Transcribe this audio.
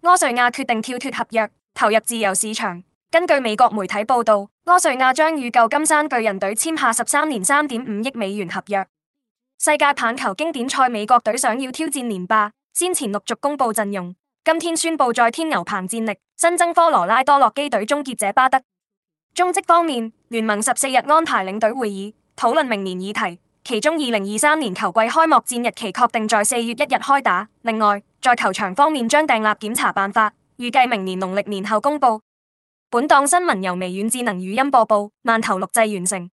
柯瑞亞決定跳脱合約，投入自由市場。根據美國媒體報道，柯瑞亞將與舊金山巨人隊簽下十三年三點五億美元合約。世界棒球經典賽美國隊想要挑戰連霸，先前陸續公布陣容，今天宣布再添牛棚戰力，新增科羅拉多洛基隊終結者巴德。中職方面，聯盟十四日安排領隊會議，討論明年議題，其中二零二三年球季開幕戰日期確定在四月一日開打。另外，在球場方面將訂立檢查辦法，預計明年農曆年後公布。本檔新聞由微軟智能語音播報，慢投錄製完成。